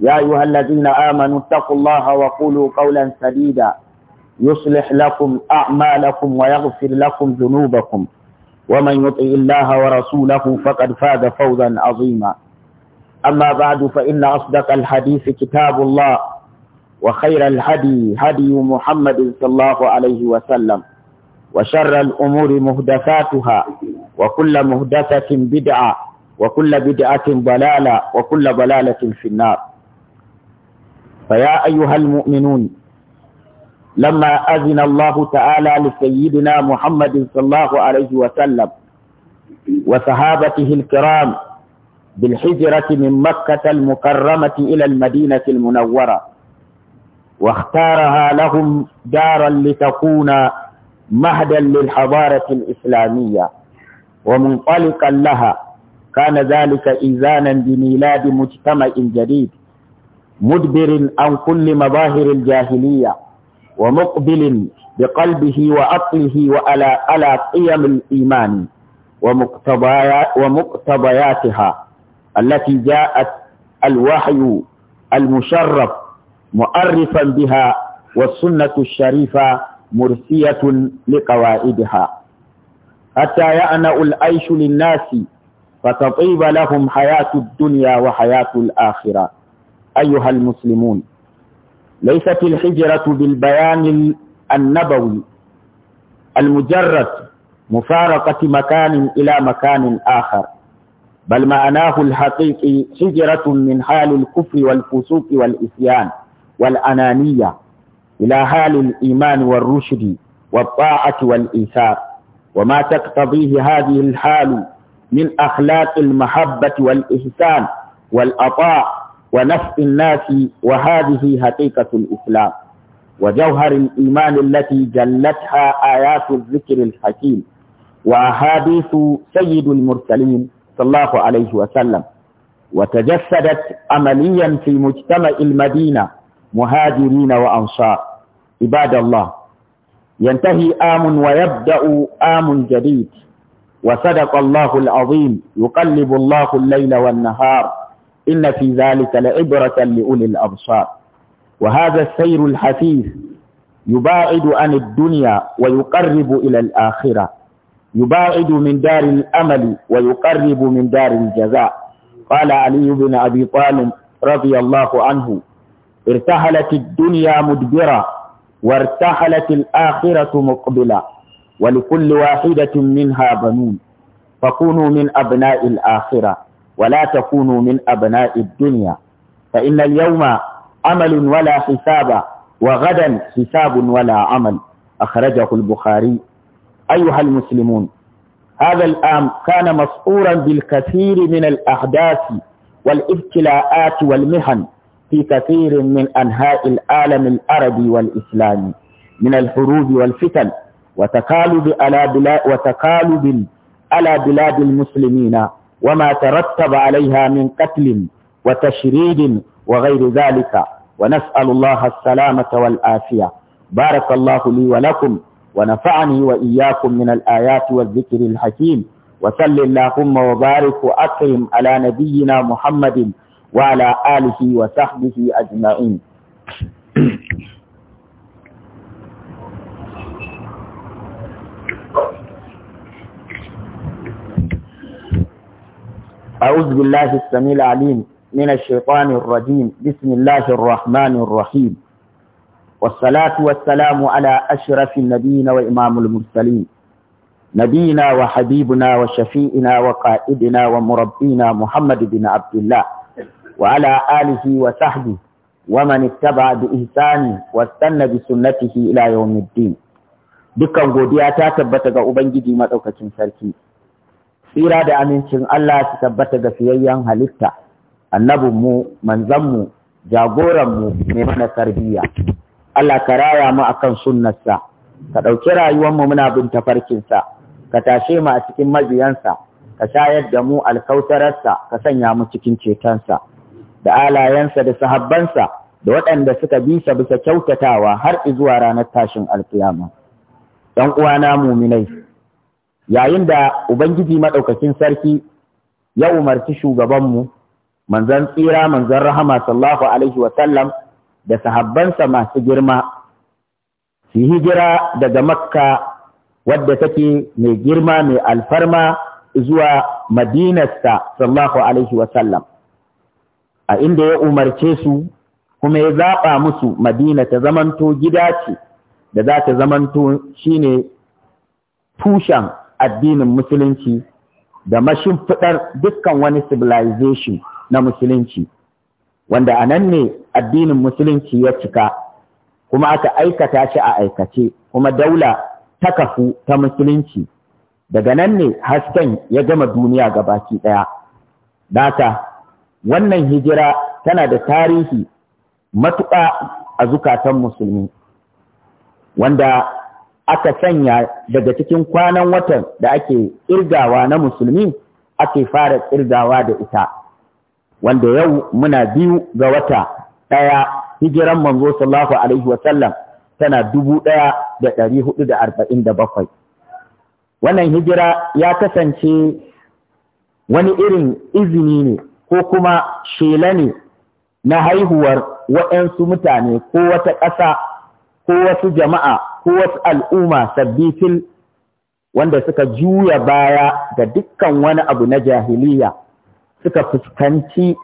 يا أيها الذين آمنوا اتقوا الله وقولوا قولا سديدا يصلح لكم أعمالكم ويغفر لكم ذنوبكم ومن يطع الله ورسوله فقد فاز فوزا عظيما أما بعد فإن أصدق الحديث كتاب الله وخير الهدي هدي محمد صلى الله عليه وسلم وشر الأمور مهدفاتها وكل مهدفة بدعة وكل بدعة ضلالة وكل ضلالة في النار فيا أيها المؤمنون لما أذن الله تعالى لسيدنا محمد صلى الله عليه وسلم وصحابته الكرام بالحجرة من مكة المكرمة إلى المدينة المنورة واختارها لهم دارا لتكون مهدا للحضارة الإسلامية ومنطلقا لها كان ذلك إذانا بميلاد مجتمع جديد مدبر عن كل مظاهر الجاهلية ومقبل بقلبه وعقله وعلى على قيم الإيمان ومقتضياتها التي جاءت الوحي المشرف مؤرفا بها والسنة الشريفة مرسية لقوائدها حتى يأنأ العيش للناس فتطيب لهم حياة الدنيا وحياة الآخرة أيها المسلمون ليست الحجرة بالبيان النبوي المجرد مفارقة مكان إلى مكان آخر بل معناه الحقيقي حجرة من حال الكفر والفسوق والإسيان والأنانية إلى حال الإيمان والرشد والطاعة والإيثار وما تقتضيه هذه الحال من أخلاق المحبة والإحسان والأطاع ونفع الناس وهذه حقيقة الإسلام وجوهر الإيمان التي جلتها آيات الذكر الحكيم وأحاديث سيد المرسلين صلى الله عليه وسلم وتجسدت عمليا في مجتمع المدينة مهاجرين وأنصار عباد الله ينتهي آم ويبدأ آم جديد وصدق الله العظيم يقلب الله الليل والنهار إن في ذلك لعبرة لأولي الأبصار وهذا السير الحثيث يباعد عن الدنيا ويقرب إلى الآخرة يباعد من دار الأمل ويقرب من دار الجزاء قال علي بن أبي طالب رضي الله عنه ارتحلت الدنيا مدبرة وارتحلت الآخرة مقبلة ولكل واحدة منها بنون فكونوا من أبناء الآخرة ولا تكونوا من أبناء الدنيا فإن اليوم عمل ولا حساب وغدا حساب ولا عمل أخرجه البخاري أيها المسلمون هذا الآن كان مسؤورا بالكثير من الأحداث والابتلاءات والمهن في كثير من أنهاء العالم العربي والإسلامي من الحروب والفتن وتقالب على بلاد, على بلاد المسلمين وما ترتب عليها من قتل وتشريد وغير ذلك ونسأل الله السلامة والآفية بارك الله لي ولكم ونفعني وإياكم من الآيات والذكر الحكيم وسل اللهم وبارك وأكرم على نبينا محمد وعلى آله وصحبه أجمعين أعوذ بالله السميع العليم من الشيطان الرجيم بسم الله الرحمن الرحيم والصلاة والسلام على أشرف النبيين وإمام المرسلين نبينا وحبيبنا وشفيئنا وقائدنا ومربينا محمد بن عبد الله وعلى آله وصحبه ومن اتبع بإحسان واستنى بسنته إلى يوم الدين dukkan godiya ta tabbata ga ما maɗaukacin tsira da amincin Allah su tabbata ga fiyayyen halitta annabinmu manzanmu jagoranmu mai mana tarbiyya Allah ka raya mu akan sunnarsa ka ɗauki rayuwanmu muna bin tafarkinsa ka tashe mu a cikin mabiyansa ka shayar da mu alkautararsa ka sanya mu cikin cetonsa da alayensa da sahabbansa da waɗanda suka bisa bisa kyautatawa har zuwa ranar tashin alkiyama. ‘Yan uwana muminai, yayin da ubangiji madaukakin sarki ya umarci shugabanmu manzon tsira manzon rahama sallallahu alaihi wa da sahabbansa masu girma su hijira daga makka wadda take mai girma mai alfarma zuwa madinasta sallallahu alaihi wa a inda ya umarce su kuma ya zaɓa musu madina ta zamanto gida ce da za ta zamanto shine tushen addinin musulunci da mashimfiɗar dukkan wani civilization na musulunci wanda a nan ne addinin musulunci ya cika kuma aka aikata shi a aikace kuma daula ta kafu ta musulunci daga nan ne hasken ya gama duniya ga baki ɗaya data wannan hijira tana da tarihi matuƙa a zukatan musulmi wanda aka sanya daga cikin kwanan watan da ake irgawa na musulmi ake fara irgawa da ita wanda yau muna biyu ga wata ɗaya hijiran manzo sallallahu alaihi wasallam tana dubu ɗaya da ɗari hudu da arba'in da bakwai wannan hijira ya kasance wani irin izini ne ko kuma shela ne na haihuwar waɗansu mutane ko wata ƙasa ko wasu jama'a ko wasu al'umma sabbitin, wanda suka juya baya ga dukkan wani abu na jahiliya suka fuskanci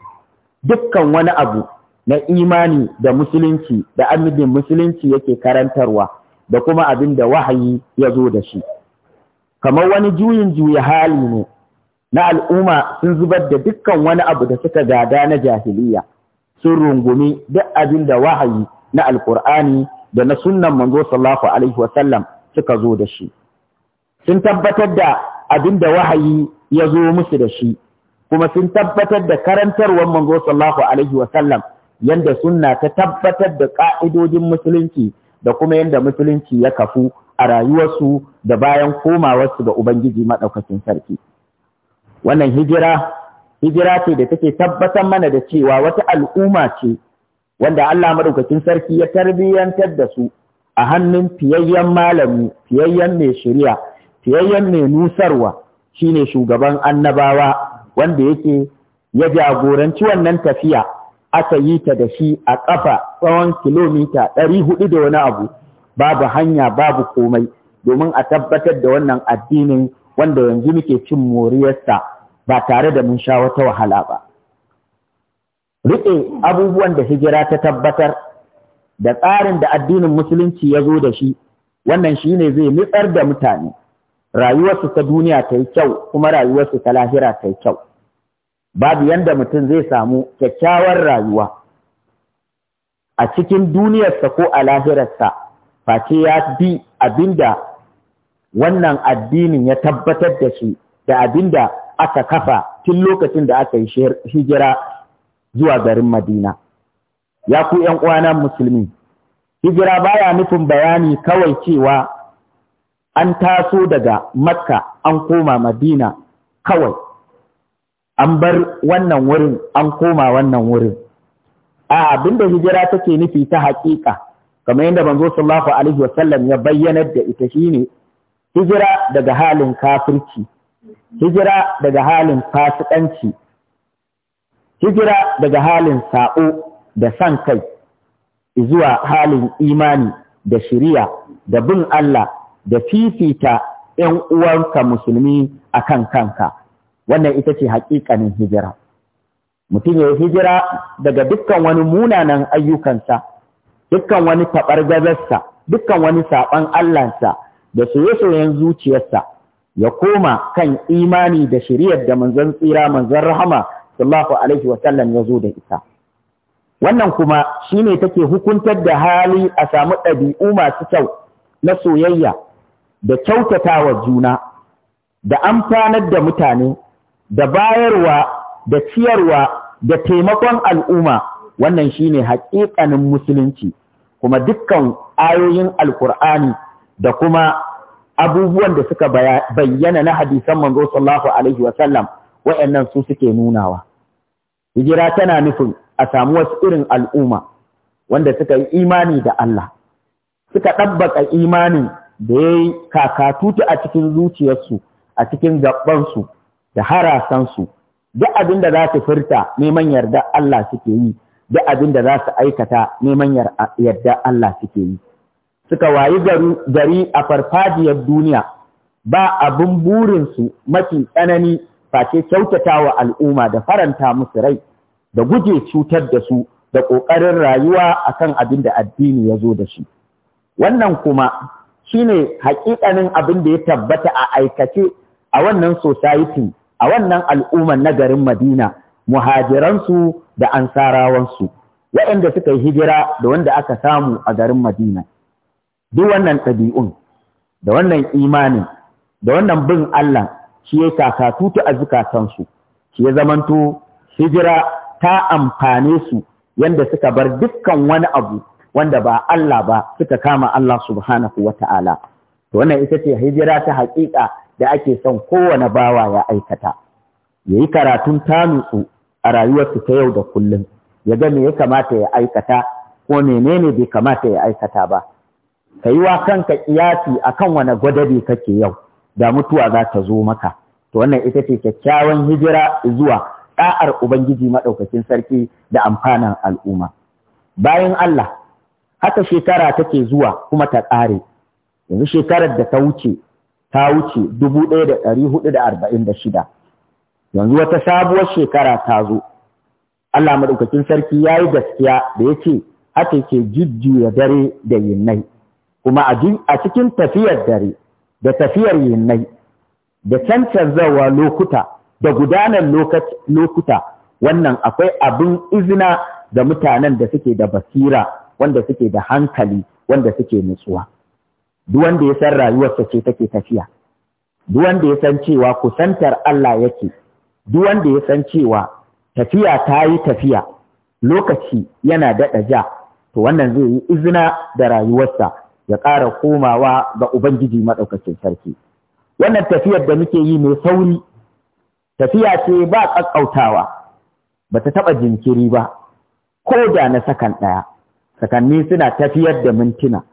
dukkan wani abu na imani da musulunci da amidin musulunci yake karantarwa da kuma abin da wahayi ya zo da shi kamar wani juyin juya hali ne na al'umma sun zubar da dukkan wani abu da suka gada na jahiliya sun rungumi duk abin da wahayi na alkur'ani da na sunnan manzo sallallahu alaihi sallam suka zo da shi sun tabbatar da abinda wahayi ya zo musu da shi kuma sun tabbatar da karantarwar manzo sallallahu alaihi sallam, yanda sunna ta tabbatar da ka'idojin musulunci da kuma yanda musulunci ya kafu a rayuwarsu da bayan komawarsu ga ubangiji madaukakin sarki wannan hijira hijira ce da take tabbatar mana da cewa wata al'umma ce wanda Allah madaukakin sarki ya tarbiyyantar da su a hannun fiyayyen malami fiyayyen mai shari'a fiyayyen mai nusarwa shine shugaban annabawa wanda yake ya jagoranci wannan tafiya aka yi ta da shi a ƙafa tsawon kilomita ɗari hudu da wani abu babu hanya babu komai domin a tabbatar da wannan addinin wanda yanzu muke cin moriyarsa ba tare da mun sha wata wahala ba riƙe abubuwan da hijira ta tabbatar da tsarin da addinin musulunci ya zo da shi wannan shi ne zai nutsar da mutane rayuwarsu ta duniya ta yi kyau kuma rayuwarsu ta lahira ta yi kyau babu yanda mutum zai samu kyakkyawar rayuwa a cikin duniyarsa ko a lahirarsa face ya bi abin da wannan addinin ya tabbatar da shi da abin da aka kafa tun lokacin da aka yi hijira zuwa garin Madina. Ya ku ‘yan uwana musulmi, hijira baya nufin bayani kawai cewa an taso daga Makka an koma Madina kawai, an bar wannan wurin an koma wannan wurin. A abinda hijira take nufi ta haƙiƙa, kamar yadda zo sallallahu alaihi wasallam ya bayyanar da ita shi ne. hijira daga halin kafirci, hijira daga halin fasikanci. hijira daga halin sa'o da san kai zuwa halin imani da shiriya da bin Allah da fifita ‘yan uwanka musulmi a kan kanka, wannan ita ce haƙiƙanin hijira. Mutum ya hijira daga dukkan wani munanan ayyukansa, dukkan wani gazarsa dukkan wani saɓan Allahnsa da soye-soyen zuciyarsa, ya koma kan imani da shiriyar da manzon tsira manzon rahama sallallahu alaihi wa sallam ya zo da ita wannan kuma shine take hukuntar da hali a samu ɗabi'u masu kyau na soyayya da kyautatawa juna da amfanar da mutane da bayarwa da ciyarwa da taimakon al'umma wannan shine haƙiƙanin musulunci kuma dukkan ayoyin alkur'ani da kuma abubuwan da suka bayyana na hadisan manzo sallallahu alaihi wa sallam. waɗannan su suke nunawa hijira tana nufin a samu wasu irin al'umma wanda suka yi imani da Allah suka ɗabbaka imanin da ya yi kakatutu a cikin zuciyarsu a cikin gabansu da harasansu da abin da za su furta neman yarda Allah suke yi duk abin da za su aikata neman yarda Allah suke yi suka wayi gari a farfajiyar duniya ba abin burinsu mafi tsanani face wa al'umma da faranta musu rai da guje cutar da su da ƙoƙarin rayuwa akan abin da addini ya zo da shi wannan kuma shine haƙiƙanin abin da ya tabbata a aikace a wannan society a wannan al'umman na garin Madina muhajiransu da ansarawansu waɗanda suka yi hijira da wanda aka samu a garin Madina duk wannan ɗabi'un da wannan imanin da wannan bin Allah shi ya kakatutu a zukatansu shi ya zamanto hijira ta amfane su yanda suka bar dukkan wani abu wanda ba Allah ba suka kama Allah subhanahu wa ta'ala to wannan ita ce hijira ta haƙiƙa da ake son kowane bawa ya aikata ya yi karatun tanutsu a rayuwarsu ta yau da kullum ya ga me ya kamata ya aikata ko menene bai kamata ya aikata ba ka yi wa kanka kiyasi akan wani gwadabe kake yau da mutuwa za ta zo maka to wannan ita ce kyakkyawan hijira zuwa ɗa'ar ubangiji maɗaukakin sarki da amfanan al'umma bayan Allah haka shekara take zuwa kuma ta ƙare yanzu shekarar da ta wuce ta wuce dubu ɗaya da da da ɗari arba'in shida. yanzu wata sabuwar shekara ta zo Allah maɗaukakin sarki ya yi gaskiya da ya ce haka yake jujjuya dare da yinnai kuma a cikin tafiyar dare da tafiyar yinai da cancanzawa lokuta da gudanar lokuta wannan akwai abin izina da mutanen da suke da basira wanda suke da hankali wanda suke nutsuwa Duwanda wanda ya san rayuwarsa ce take tafiya duk ya san cewa kusantar Allah yake duk wanda ya san cewa tafiya ta yi tafiya lokaci yana daɗa ja to wannan zai yi izina da rayuwarsa ya ƙara komawa ga Ubangiji maɗaukacin sarki. Wannan tafiyar da muke yi mai sauri, tafiya ce ba ƙaƙƙautawa, ba ta taɓa jinkiri ba, ko da na sakan ɗaya, sakanni suna tafiyar da mintuna,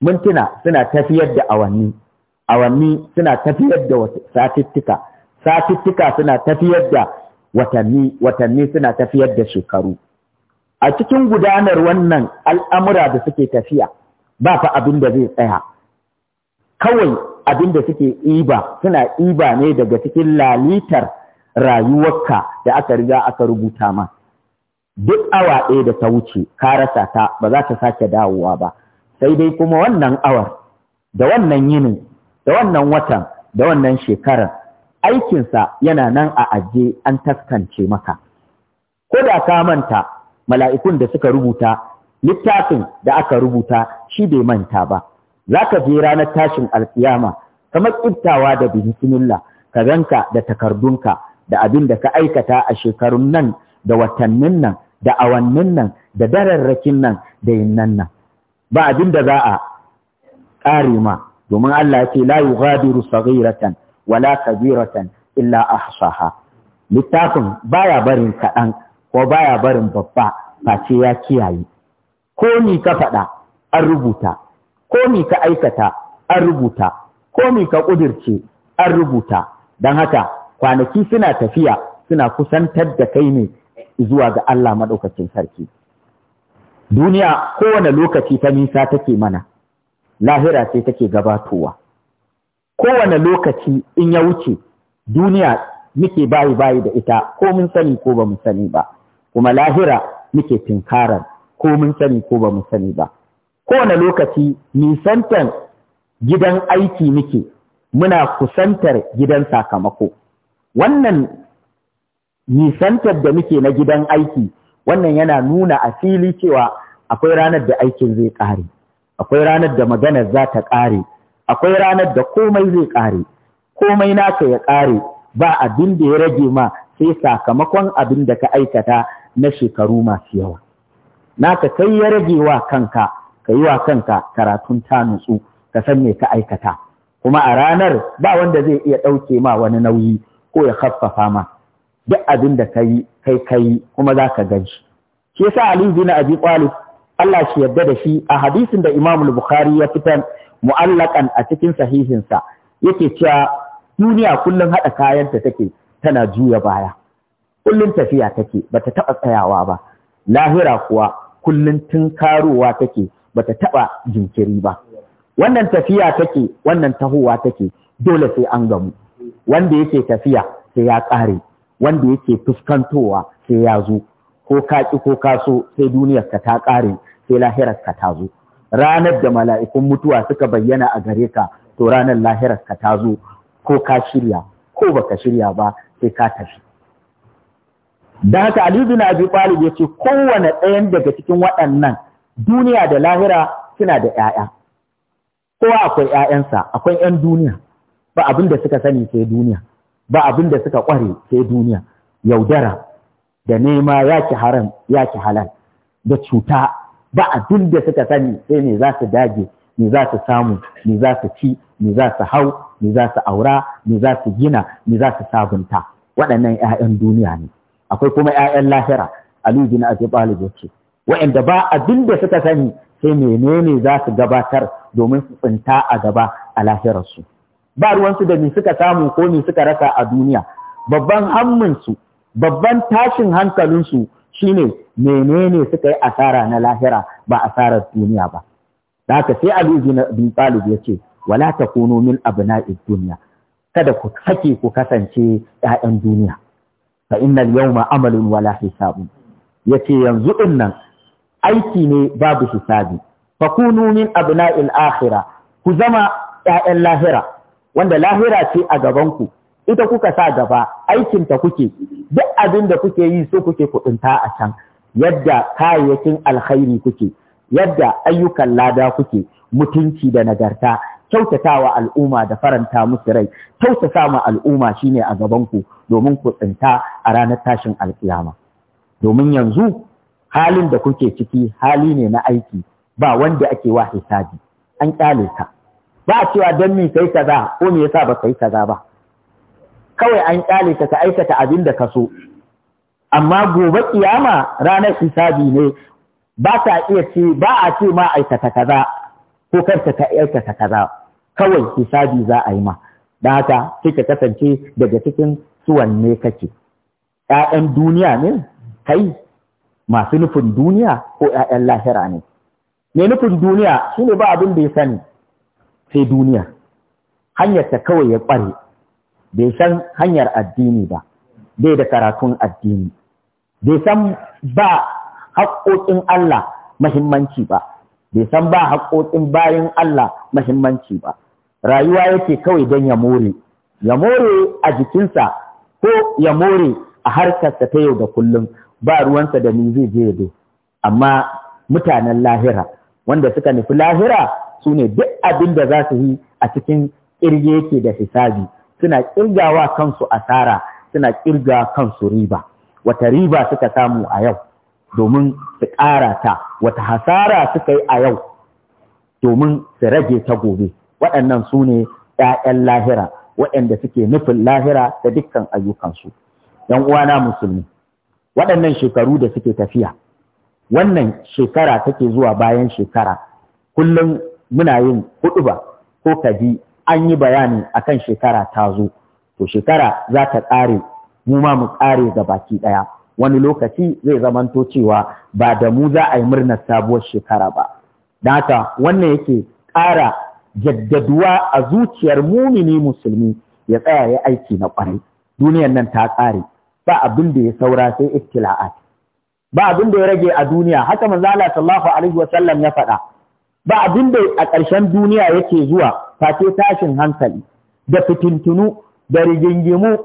mintuna suna tafiyar da awanni, awanni suna tafiyar da satittika, satittika suna tafiyar da watanni, watanni suna tafiyar da shekaru. A cikin gudanar wannan al'amura da suke tafiya, ba fa abin da zai tsaya kawai abin da suke iba suna iba ne daga cikin lalitar rayuwarka da aka riga aka rubuta ma duk awa ɗaya da ta wuce ka rasa ta ba za ta sake dawowa ba sai dai kuma wannan awar da wannan yinin da wannan watan da wannan shekarar aikinsa yana nan a ajiye an taskance maka ko da ka manta mala'ikun da suka rubuta littafin da aka rubuta shi bai manta ba za ka je ranar tashin alkiyama kamar tsibtawa da bismillah ka ganka da takardunka da abin da ka aikata a shekarun nan da watannin nan da awannin nan da dararrakin nan da yinnan nan ba abin da za a ƙare ma domin Allah ya ce la yughadiru saghiratan wala kabiratan illa ahsaha littafin baya barin kaɗan ko baya barin babba face ya kiyaye ko mi ka faɗa an rubuta ko mi ka aikata an rubuta ko mi ka ƙudirce an rubuta don haka kwanaki suna tafiya suna kusantar da kai ne zuwa ga Allah maɗaukacin sarki duniya kowane lokaci ta nisa take mana lahira sai take gabatowa kowane lokaci in ya wuce duniya muke bayi bayi da ita ko mun sani ko ba mu sani ba kuma lahira muke tinkarar ko mun sani ko ba mu sani ba kowane lokaci nisantar gidan aiki muke muna kusantar gidan sakamako wannan nisantar da muke na gidan aiki wannan yana nuna a fili cewa akwai ranar da aikin zai ƙare akwai ranar da maganar za ta ƙare akwai ranar da komai zai ƙare komai naka ya ƙare ba abin da ya rage ma sai sakamakon abin da ka aikata na shekaru masu yawa naka kai ya rage wa kanka ka yi wa kanka karatun ta nutsu ka san me ka aikata kuma a ranar ba wanda zai iya ɗauke ma wani nauyi ko ya kaffafa ma duk abin da ka yi kai kai kuma za ka gan shi shi yasa Ali bin Abi Talib Allah shi yadda da shi a hadisin da Imam Bukhari ya fitan mu'allakan a cikin sahihinsa yake cewa duniya kullum haɗa kayanta take tana juya baya kullun tafiya take bata taɓa tsayawa ba lahira kuwa kullum tun karowa take ta taɓa jinkiri ba wannan tafiya take wannan tahowa take dole sai an gamu wanda yake tafiya sai ya ƙare wanda yake fuskantowa sai ya zo ko kaƙi ko ka so sai duniyar ka ta ƙare sai lahirar ka ta zo ranar da mala'ikun mutuwa suka bayyana a gare ka to ranar lahirar ka ta zo ko ka shirya ko baka shirya ba sai ka tafi da haka Ali na Abi Talib ya ce kowane ɗayan daga cikin waɗannan duniya da lahira suna da ‘ya'ya. Kowa akwai ‘ya'yansa, akwai ‘yan duniya, ba abin da suka sani sai duniya, ba abin da suka ƙware sai duniya, yaudara da nema ya ki haram ya ki halal da cuta ba abin da suka sani sai me za su dage, me za su samu, me za su ci, me za su hau, me za su aura, me za su gina, me za su sabunta. Waɗannan ‘ya'yan duniya ne. akwai kuma ‘ya'yan lahira Ali bin Abi Talib ce. wa'anda ba abin da suka sani sai menene za su gabatar domin su tsinta a gaba a lahirarsu ba ruwansu da ni suka samu ko ni suka rasa a duniya babban hamminsu babban tashin hankalinsu shine menene suka yi asara na lahira ba asarar duniya ba da haka sai Ali bin Talib yace wala takunu min abna'id dunya kada ku sake ku kasance ƴaƴan duniya fa innal yawma amalun wala hisabun yace yanzu din nan aiki ne babu hisabi fa kunu min abna'il a'khira ku zama ƴaƴan lahira wanda lahira ce a gaban ku ita kuka sa gaba aikinta kuke duk abin da kuke yi so kuke kuɗinta a can yadda kayayyakin alkhairi kuke yadda ayyukan lada kuke mutunci da nagarta wa al'umma da faranta musu rai kyautata ma al'umma shine a gabanku domin ku tsinta a ranar tashin alkiyama domin yanzu halin da kuke ciki hali ne na aiki ba wanda ake wa hisabi an kyale ka ba a cewa don mi kai kaza ko me yasa ba yi kaza ba kawai an ƙyale ka ka aikata abin da ka so amma gobe kiyama ranar hisabi ne ba ta iya ce ba a ce ma aikata kaza ko karka ka aikata kaza kawai hisabi za a yi ma da haka sai ka kasance daga cikin suwan ne kake ‘ya'yan duniya ne kai masu nufin duniya ko ‘ya'yan lahira ne Me nufin duniya shi ne ba abin da ya sani sai duniya hanyarta kawai ya ƙware bai san hanyar addini ba bai da karatun addini bai san ba haƙoƙin Allah mahimmanci ba bai san ba haƙoƙin bayan Allah mahimmanci ba rayuwa yake kawai don ya more ya more a jikinsa ko ya more a harkarsa ta yau da kullum ba ruwansa da ni zai je do amma mutanen lahira wanda suka nufi lahira su ne duk abin da za su yi a cikin ƙirge yake da hisabi suna ƙirgawa kansu asara suna ƙirga kansu riba wata riba suka samu a yau domin su ƙara ta wata hasara suka yi a yau domin su rage ta gobe waɗannan su ne ‘ya'yan lahira waɗanda suke nufin lahira da dukkan ayyukansu ‘yan uwana musulmi waɗannan shekaru da suke tafiya wannan shekara take zuwa bayan shekara kullum muna yin huɗu ba ko kaji an yi bayani akan shekara ta zo to shekara za ta ƙare mu ma mu ƙare ga baki ɗaya wani lokaci zai zamanto cewa ba da mu za a yi murnar sabuwar shekara ba don haka wannan yake ƙara jaddaduwa a zuciyar mumini musulmi ya tsaya ya aiki na ƙwarai duniyar nan ta ƙare ba abin da ya saura sai iftila'at. ba abin da ya rage a duniya haka manzo Allah sallallahu alaihi wa sallam ya faɗa ba abin da a ƙarshen duniya yake zuwa face tashin hankali da fitintunu da rigingimu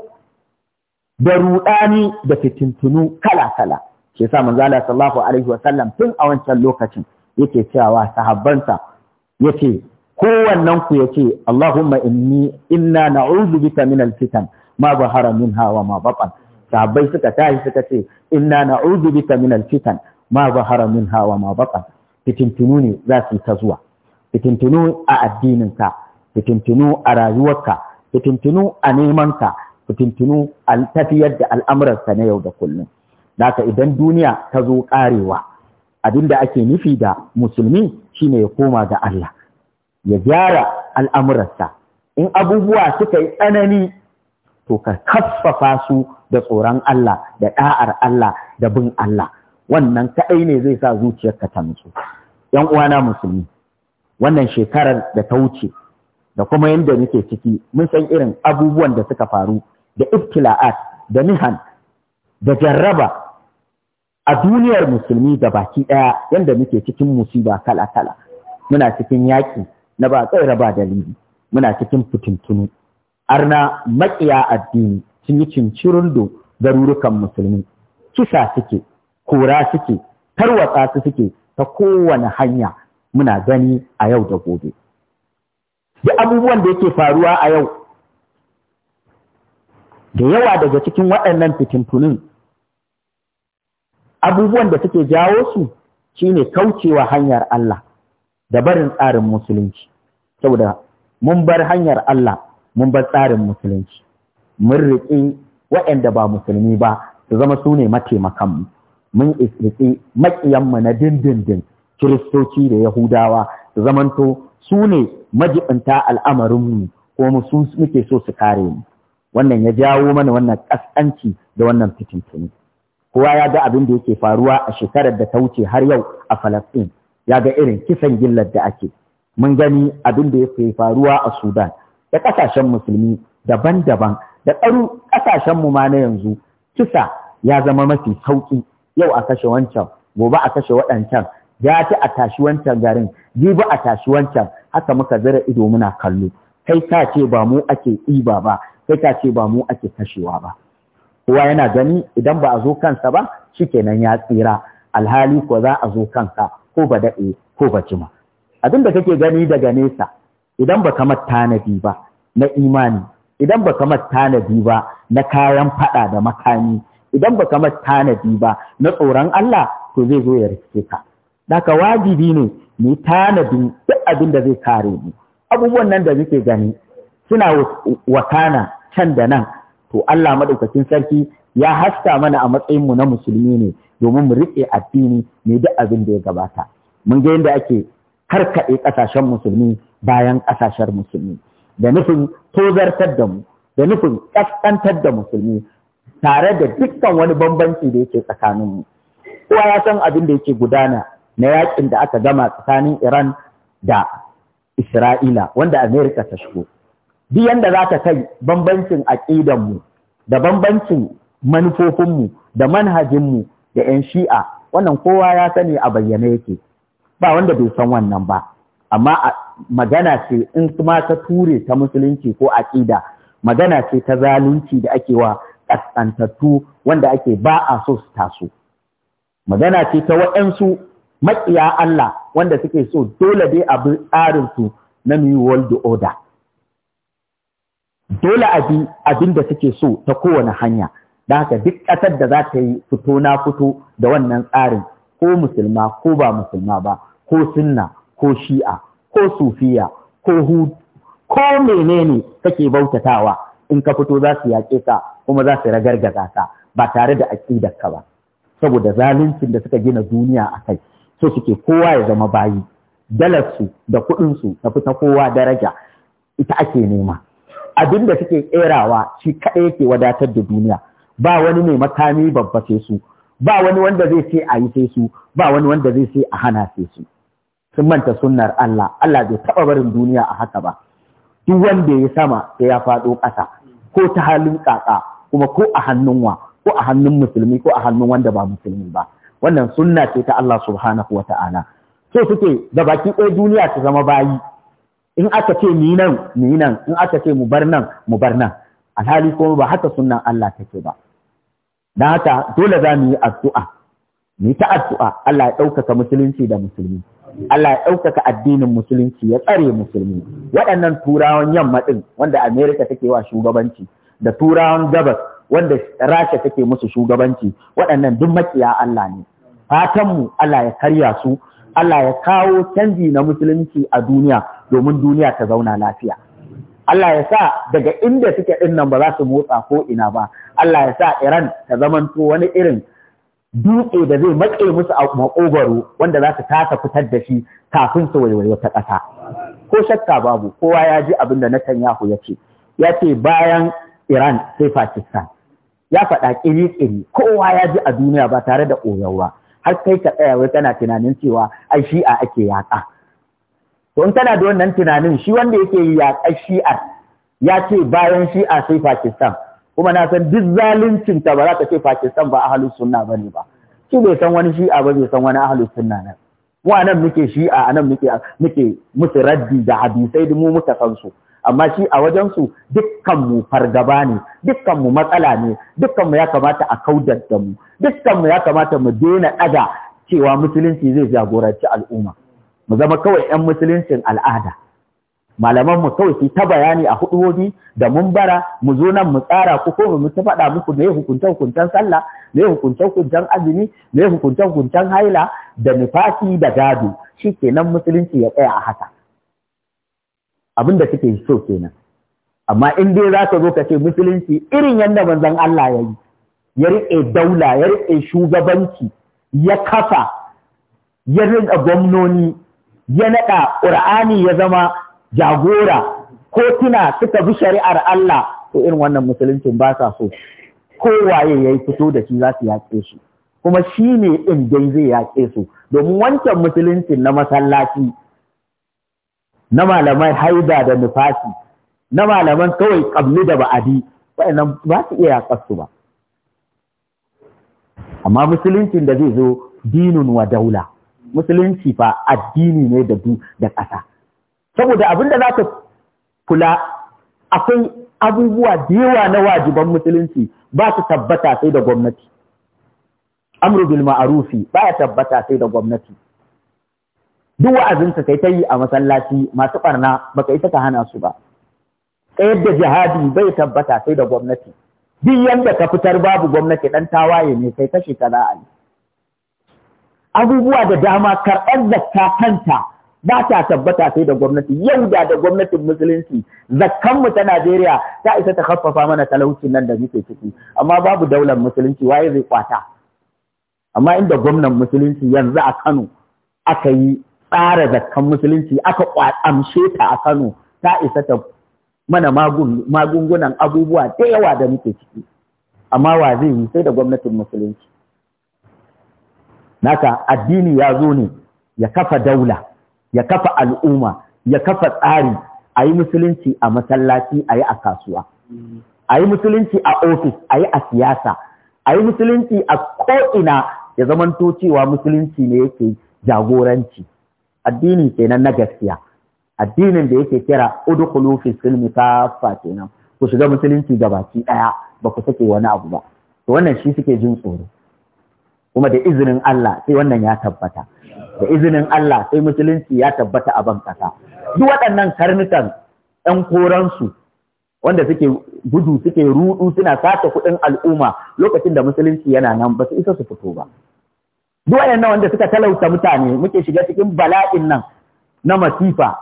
da ruɗani da fitintunu kala-kala ke sa manzala sallallahu alaihi wasallam tun a wancan lokacin yake cewa sahabbansa yake kowannen ku yace Allahumma inni inna na'udhu bika min al-fitan ma zahara minha wa ma batan sahabbai suka tashi suka ce inna na'udhu bika min al-fitan ma zahara minha wa ma batan fitintunu ne za su ta zuwa fitintunu a addininka fitintunu a rayuwarka fitintunu a nemanka fitintinu an tafiyar da al'amuransa na yau da kullum. Naka idan duniya ta zo karewa, abinda ake nufi da musulmi shine ya koma ga Allah, ya gyara al'amuransa. In abubuwa suka yi tsanani, to ka kaffafa su da tsoron Allah, da ɗa'ar Allah, da bin Allah. Wannan kaɗai ne zai sa zuciyarka ta nutsu. ‘Yan uwana musulmi, wannan shekarar da ta wuce, da kuma yadda muke ciki mun san irin abubuwan da suka faru da ibtila'at da Mihan da jarraba a duniyar musulmi da baki ɗaya yadda muke cikin musiba kala-kala muna cikin yaƙi na ba tsaye raba dalili muna cikin fitintunu arna maƙiya addini sun yi cincirin do garurukan musulmi kisa suke kora suke tarwatsa su suke ta kowane hanya muna gani a yau da gobe duk abubuwan da yake faruwa a yau da yawa daga cikin waɗannan fitintunin abubuwan da suke jawo su shine kaucewa hanyar Allah da barin tsarin musulunci saboda mun bar hanyar Allah mun bar tsarin musulunci mun riƙi waɗanda ba musulmi ba su zama su ne mataimakanmu. mun riƙi maƙiyanmu na dindindin kiristoci da yahudawa su zamanto su ne majibinta al'amarinmu ko mu su muke so su kare mu wannan ya jawo mana wannan ƙasƙanci da wannan fitintuni kowa ya ga abin da yake faruwa a shekarar da ta wuce har yau a Falasɗin ya ga irin kisan gillar da ake mun gani abin da yake faruwa a Sudan da ƙasashen musulmi daban-daban da ɗaru mu ma na yanzu kisa ya zama mafi sauƙi yau a kashe wancan gobe a kashe waɗancan ya ci a tashi wancan garin jibi a tashi wancan haka muka zira ido muna kallo kai ka ce ba mu ake ɗiba ba sai ka ce ba mu ake kashewa ba kowa yana gani idan ba a zo kansa ba shi kenan ya tsira alhali ko za a zo kansa ko ba daɗe ko ba jima abin da kake gani daga nesa idan ba kamar tanadi ba na imani idan ba kamar tanadi ba na kayan faɗa da makami idan ba kamar tanadi ba na tsoron Allah to zai zo ya rikice ka Daka wajibi ne mu tanadin duk abin da zai kare mu abubuwan nan da muke gani suna wakana can da nan to Allah madaukakin sarki ya haska mana a matsayin mu na musulmi ne domin mu riƙe addini ne duk abin da ya gabata mun ga yadda ake karkaɗe ƙasashen musulmi bayan ƙasashen musulmi da nufin tozartar da mu da nufin ƙasƙantar da musulmi tare da dukkan wani bambanci da yake tsakanin mu kowa ya san abin da yake gudana na yakin da aka gama tsakanin iran da isra'ila wanda amerika ta shigo duk yanda za ta kai bambancin aƙidanmu da bambancin manufofinmu da manhajinmu da 'yan shi'a wannan kowa ya sani a bayyane yake ba wanda bai san wannan ba amma magana ce in ma ta ture ta musulunci ko aƙida magana ce ta zalunci da ake wa ƙasƙantattu wanda ake ba a so su taso magana ce ta waɗansu maƙiya Allah wanda suke so dole dai a tsarinsu na New World Order dole a bi abin da suke so ta kowane hanya da haka duk ƙasar da za ta yi fito na fito da wannan tsarin ko musulma ko ba musulma ba ko sunna ko shi'a ko sufiya ko hud ko menene kake bautatawa in ka fito za su yaƙe ka kuma za su ragargaza ka ba tare da aƙidar ka ba saboda zaluncin da suka gina duniya a kai so suke kowa ya zama bayi dalarsu da kuɗinsu tafi ta kowa daraja ita ake nema abin da suke ƙerawa shi kaɗai yake wadatar da duniya ba wani mai makami babba sai su ba wani wanda zai ce a yi sai su ba wani wanda zai ce a hana sai su sun manta sunnar Allah Allah bai taɓa barin duniya a haka ba duk wanda ya sama sai ya faɗo ƙasa ko ta halin ƙaƙa kuma ko a hannun wa ko a hannun musulmi ko a hannun wanda ba musulmi ba wannan sunna ce ta Allah subhanahu wa ta'ala so suke da baki ɗaya duniya ta zama bayi in aka ce ni nan ni nan in aka ce mu bar nan mu bar nan alhali kuma ba haka sunnan Allah take ba dan haka dole za mu yi addu'a mu ta addu'a Allah ya ɗaukaka musulunci da musulmi Allah ya ɗaukaka addinin musulunci ya tsare musulmi waɗannan turawan yamma din wanda Amerika take wa shugabanci da turawan gabas wanda Rasha take musu shugabanci waɗannan duk makiya Allah ne fatanmu Allah ya karya su Allah ya kawo canji na musulunci a duniya domin duniya ta zauna lafiya Allah ya sa daga inda suke ɗin nan ba za su motsa ko ina ba Allah ya sa Iran ta zamanto wani irin dutse da zai matse musu a makogaro wanda za su tasa fitar da shi kafin su waiwaiwa ta ƙasa ko shakka babu kowa ya ji abin da na yahu ya ce ya ce bayan Iran sai Pakistan ya faɗa ƙiri-ƙiri kowa ya ji a duniya ba tare da koyarwa har kai ka tsaya wai kana tunanin cewa ai shi'a ake yaƙa to in kana da wannan tunanin shi wanda yake yi yaƙar Shi'ar ya ce bayan shi'a sai Pakistan kuma na san duk zaluncin ta ba za ka ce Pakistan ba ahalu sunna bane ba shi bai san wani shi'a ba bai san wani ahalu sunna nan mu anan muke shi'a anan muke muke musu raddi da hadisai da mu muka san su amma shi a wajen su dukkan mu fargaba ne dukkan mu matsala ne dukkan mu ya kamata a kaudar da mu dukkan mu ya kamata mu daina ɗaga cewa musulunci zai jagoranci al'umma mu zama kawai 'yan musuluncin al'ada malaman mu kawai su ta bayani a hudu da mun bara mu zo nan mu tsara ku ko mu ta faɗa muku me hukunce hukuncen sallah me hukunce hukuncen azumi me hukunce hukuncen haila da nifasi da gado kenan musulunci ya tsaya a haka abin da suke so kenan amma in dai za ka zo ka ce musulunci irin yadda manzon Allah ya yi ya riƙe daula ya riƙe shugabanci ya kafa ya riƙe gwamnoni ya naɗa ƙur'ani ya zama jagora ko tuna suka bi shari'ar Allah to irin wannan musuluncin ba sa so kowaye ya yi fito da shi za su yaƙe su? kuma shi ne ɗin dai zai yaƙe su domin wancan musuluncin na masallaci na malaman haida da nufasi na malaman kawai ƙabli da ba'adi waɗannan ba su iya yaƙar su ba amma musuluncin da zai zo dinin wa daula musulunci fa addini ne da du da ƙasa saboda abin da za ka kula akwai abubuwa da yawa na wajiban musulunci ba su tabbata sai da gwamnati amru bil ma'arufi ba ya tabbata sai da gwamnati duk wa'azinsa kai ta yi a masallaci masu barna baka ita ka hana su ba tsayar da jihadi bai tabbata sai da gwamnati duk yadda ka fitar babu gwamnati ɗan tawaye ne sai kashe ta za yi abubuwa da dama karɓar zakka kanta ba ta tabbata sai da gwamnati yau da da gwamnatin musulunci mu ta Najeriya ta isa ta haffafa mana talaucin nan da muke ciki amma babu daular musulunci waye zai kwata amma inda gwamnan musulunci yanzu a Kano aka yi tsara zakkan musulunci aka kwatamshe ta a Kano ta isa ta mana magungunan abubuwa da yawa da muke ciki amma wa zai yi sai da gwamnatin musulunci naka addini ya zo ne ya kafa daula ya kafa al'umma ya kafa tsari a yi musulunci a masallaci a yi a kasuwa a yi musulunci a ofis a yi a siyasa a yi musulunci a ko'ina ya zamanto cewa musulunci ne yake jagoranci addini kenan na gaskiya addinin da yake kira udu fi silmi kafa, kenan ku shiga musulunci gabaki daya ba ku sake wani abu ba to wannan shi suke jin tsoro kuma da izinin Allah sai wannan ya tabbata da izinin Allah sai musulunci ya tabbata a ban kasa duk waɗannan karnukan ɗan koransu wanda suke gudu suke rudu suna sace kuɗin al'umma lokacin da musulunci yana nan ba su isa su fito ba duk waɗannan wanda suka talauta mutane muke shiga cikin bala'in nan na masifa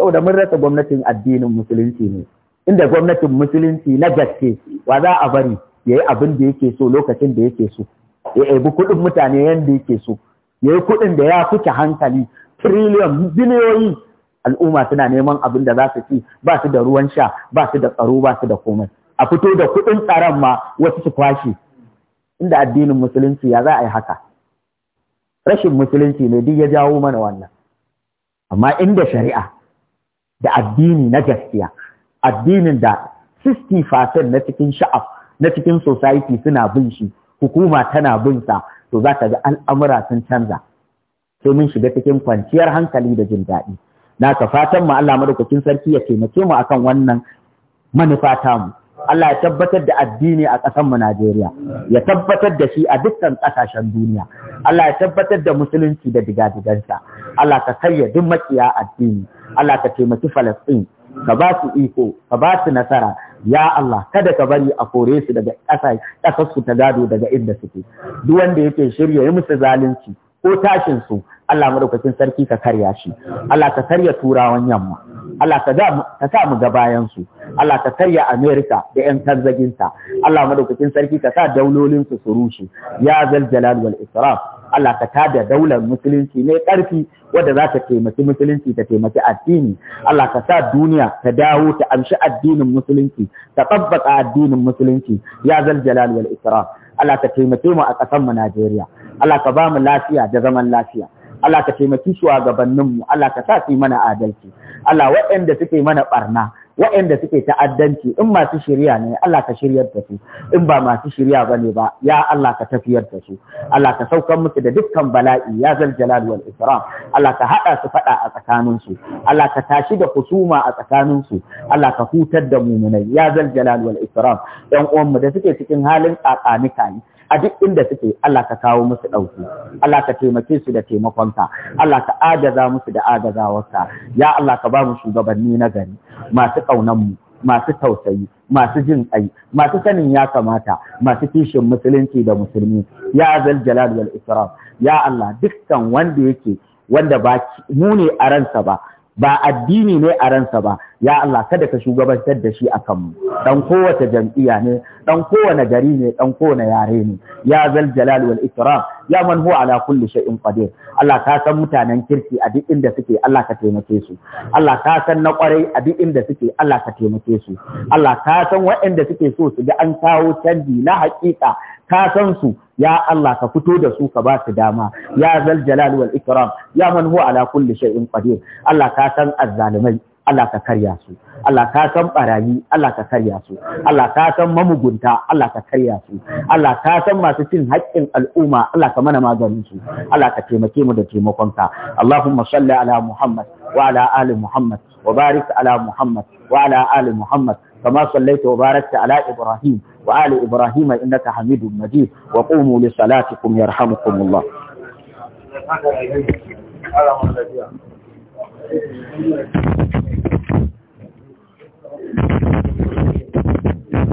saboda mun rasa gwamnatin addinin musulunci ne inda gwamnatin musulunci na gaske wa za a bari yayi abin da yake so lokacin da yake so ya ebi kuɗin mutane yadda yake so ya yi kuɗin da ya fice hankali triliyon biliyoyi al'umma suna neman abin da za su ci ba su da ruwan sha ba su da tsaro ba su da komai a fito da kuɗin tsaron ma wasu su kwashe inda addinin musulunci ya za a yi haka rashin musulunci ne duk ya jawo mana wannan amma inda shari'a da addini na gaskiya addinin da 60% na cikin sha'af na cikin society suna bin shi hukuma tana bin sa to za ka ga al'amura sun canza sai mun shiga cikin kwanciyar hankali da jin daɗi na ka fatan mu Allah madaukakin sarki ya taimake mu akan wannan manufa ta mu Allah ya tabbatar da addini a ƙasar mu Najeriya ya tabbatar da shi a dukkan ƙasashen duniya Allah ya tabbatar da musulunci da digadigansa Allah ka karya duk makiya addini Allah ka taimaki Falastin ka ba su iko ka ba su nasara ya Allah kada ka bari a kore su daga ƙasar ta gado daga inda suke duk wanda yake shirya yi musu zalunci ko tashin su Allah madaukakin sarki ka karya shi Allah ka karya turawan yamma Allah ka sa mu ga bayansu, Allah ka sarya Amerika da ‘yan tarzaginta, Allah madaukakin sarki ka sa daulolinsu su rushe, ya zal jalal wal isra, Allah ka da daular musulunci mai ƙarfi wadda za ta taimaki musulunci ta taimaki addini, Allah ka sa duniya ta dawo ta amshi addinin musulunci, ta tabbata addinin musulunci, ya zal wal isra. Allah ka taimake mu a ƙasar mu Najeriya, Allah ka ba mu lafiya da zaman lafiya. Allah ka taimaki mu Allah ka sa su mana adalci Allah waɗanda suke mana barna waɗanda suke ta'addanci in masu shirya ne Allah ka shiryar da su in ba masu shirya ba ne ba ya Allah ka tafiyar da su Allah ka saukan musu da dukkan bala'i ya zal jalal wal ikram Allah ka haɗa su faɗa a tsakanin su Allah ka tashi da kusuma a tsakanin su Allah ka hutar da muminai ya zal jalal wal ikram uwan mu da suke cikin halin ne. a duk inda suke Allah ka kawo musu ɗauki Allah ka taimake su da taimakon ka. Allah ka agaza musu da agazawarka ya Allah ka ba mu shugabanni na gari masu ƙaunan mu masu tausayi masu jin tsayi masu sanin ya kamata masu kishin musulunci da musulmi ya zal jalal wal ikram ya Allah dukkan wanda yake wanda ba mu ne a ransa ba ba addini ne a ransa ba ya Allah kada ka shugabantar da shi a mu dan kowace jam'iyya ne dan kowane gari ne dan kowane yare ne ya zal jalal wal ikram ya man huwa ala kulli shay'in qadir Allah ka san mutanen kirki a duk inda suke Allah ka taimake su Allah ka san na kwarai a duk inda suke Allah ka taimake su Allah ka san waɗanda suke so su ga an kawo canji na haƙiƙa ka san su ya Allah ka fito da su ka ba su dama ya zal jalal wal ikram ya man huwa ala kulli shay'in qadir Allah ka san azzalimai Allah ka karya su Allah ka san barayi Allah ka karya su Allah ka san mamugunta Allah ka karya su Allah ka san masu cin haƙƙin al'umma Allah ka mana maganin su Allah ka taimake mu da taimakonka Allahumma salli ala Muhammad wa ala ali Muhammad wa barik ala Muhammad wa ala ali Muhammad كما صليت وباركت على إبراهيم وآل إبراهيم إنك حميد مجيد وقوموا لصلاتكم يرحمكم الله Thank you.